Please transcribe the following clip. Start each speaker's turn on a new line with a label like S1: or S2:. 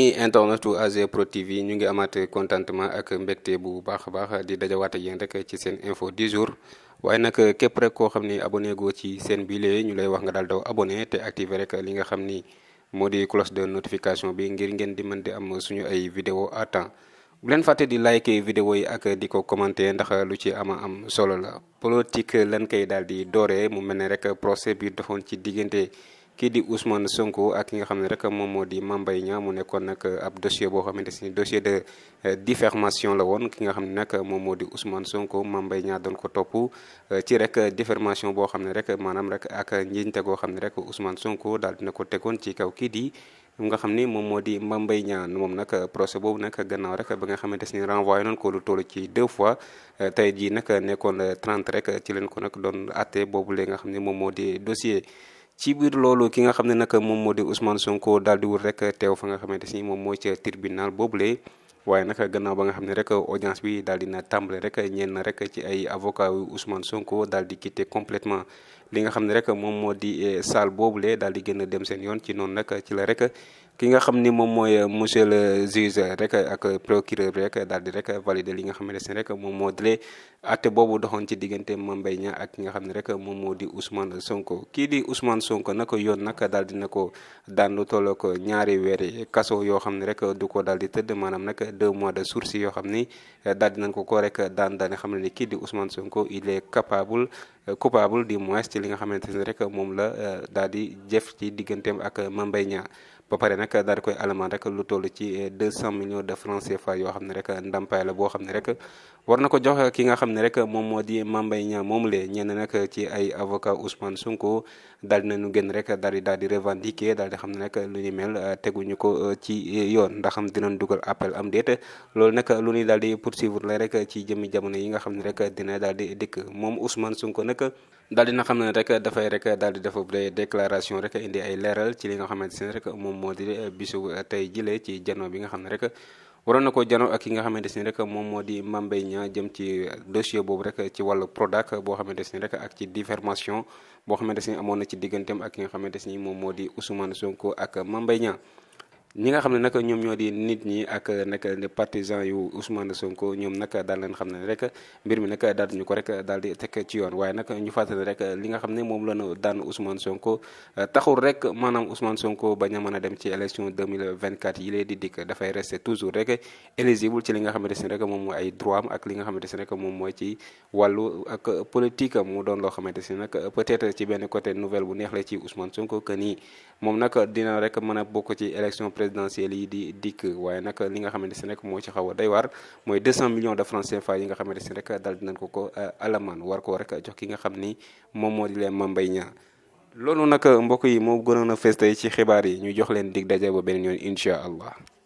S1: ami internetu AG Pro TV ñu ngi amaat contentement ak mbégte bu baax a baax di dajawaat yéen rek ci seen info du jour waaye nag képp rek koo xam ni abonné goo ci seen bile ñu lay wax nga daal daw abonné te activé rek li nga xam ni moo di cloche de notification bi ngir ngeen di man di am suñu ay vidéo à temps bu leen fàtte di like vidéo yi ak di ko commenté ndax lu ci ama am solo la politique lan koy daal di dooree mu mel ne rek procès bi doxoon ci diggante. kii di Ousmane Sonko ak ki nga xam ne rek moom moo di Mame Mbaye mu nekkoon nag ab dossier boo xamante ni dossier de euh, diffamation la woon ki nga xam ne nag moom moo di Ousmane Sonko Mame Mbaye Niang doon ko topp euh, ci rek diffamation boo xam ne rek maanaam rek ak njiñte goo xam ne rek Ousmane Sonko daal dina ko tegoon ci kaw kii di nga xam ni moom moo di Mame Mbaye Niang moom nag procès boobu nag gannaaw rek ba nga xamante ni renvoyé noonu ko lu toll ci deux fois euh, tey jii nag nekkoon 30 rek ci leen ko nag doon àtte boobu lee nga xam ne moom moo di dossier. ci biir loolu ki nga xam ne nag moom moo di Ousmane Sonko daal di wut rek teew fa nga xamante si moom mooy ca tribunal boobule waaye nag gannaaw ba nga xam ne rek audience bi daal dina na tàmbale rek ñenn rek ci ay avocat yu Sonko daal di quitté complètement li nga xam ne rek moom moo di eh, salle boobule daal di gën a dem seen yoon ci noonu nag ci la rek ki nga xam ni moom mooy eh, monsieur le juge rek ak procureur rek daal di rek valider li nga xam ne rek moom moo di atte boobu doxoon ci diggante Mame Mbaye ak ki nga xam ne rek moom moo di Ousmane Sonko kii di Ousmane Sonko nag yoon nag daal di na ko daan lu tolloo ko ñaari weeri kaso yoo xam ne rek du ko daal di tëdd maanaam nag deux mois de sursis yoo xam ni daal di nañ ko ko rek daan daan xam ne ni kii di Ousmane Sonko il est capable. coupable di moins ci li nga xamante ni rek moom la euh, daal di jëf ci digganteem ak Mame Mbaye ba pare nag daal koy alamaan rek lu toll ci eh, deux cent millions de francs CFA yoo xam ne rek ndàmpaay la boo xam ne rek war na ko joxe ki nga xam ne rek moom moo di Mame Mbaye Niang moom lee ñenn nag ci ay avocat Ousmane Sonko daal dinañu génn rek daal di daal di revendiquer daal di xam nag lu ni mel eh, teguñu ko eh, ci yoon ndax am dinañ dugal appel am déet loolu nag lu ñuy daal di pour poursuivre la rek ci jëmmi jamono yi nga xam ne rek dina daal di dikk moom Ousmane Sonko nag daal dina xam ne rek dafay rek daal di def des déclaration rek indi ay leeral ci li nga xamante ne rek moom moo di bisu tey jile ci jano bi nga xam ne rek waroon na ko jano ak ki nga xamante ne rek moom moo di Mame Mbaye Niang jëm ci dossier boobu rek ci wàllu Prodac boo xamante ne rek ak ci diffamation boo xamante ne amoon na ci digganteem ak ki nga xamante ne moom moo di Ousmane Sonko ak Mame ñi nga xam ne naka ñoom ñoo di nit ñi ak naka les partisans yu Ousmane Sonko ñoom naka daal leen xam ne rek mbir mi naka daal ñu ko rek daal di teg ci yoon waaye nag ñu fàttali rek li nga xam ne moom la ñu daan Ousmane Sonko taxul rek maanaam Ousmane Sonko bañ a mën dem ci élection 2024 yi lay di dikk dafay rester toujours rek éligible ci li nga xamante ne rek moom mooy ay droit am ak li nga xamante ne rek moom mooy ci wàllu ak politique mu doon loo xamante si nag peut-être ci benn côté nouvelle bu neex la ci Ousmane Sonko que moom nag dina rek mën a bokk ci élection présidentielles yi di dikk waaye nag li nga xamante si rek moo ci xaw a doy waar mooy 200 millions de francs CFA yi nga xamante si rek dal dinañ ko ko euh, alamaan war ko rek jox ki nga xam ni moom moo di leen Mame Mbaye Niang loolu nag mbokk yi moo gënoon a fees tey ci xibaar yi ñu jox leen dig daje ba beneen yoon incha allah.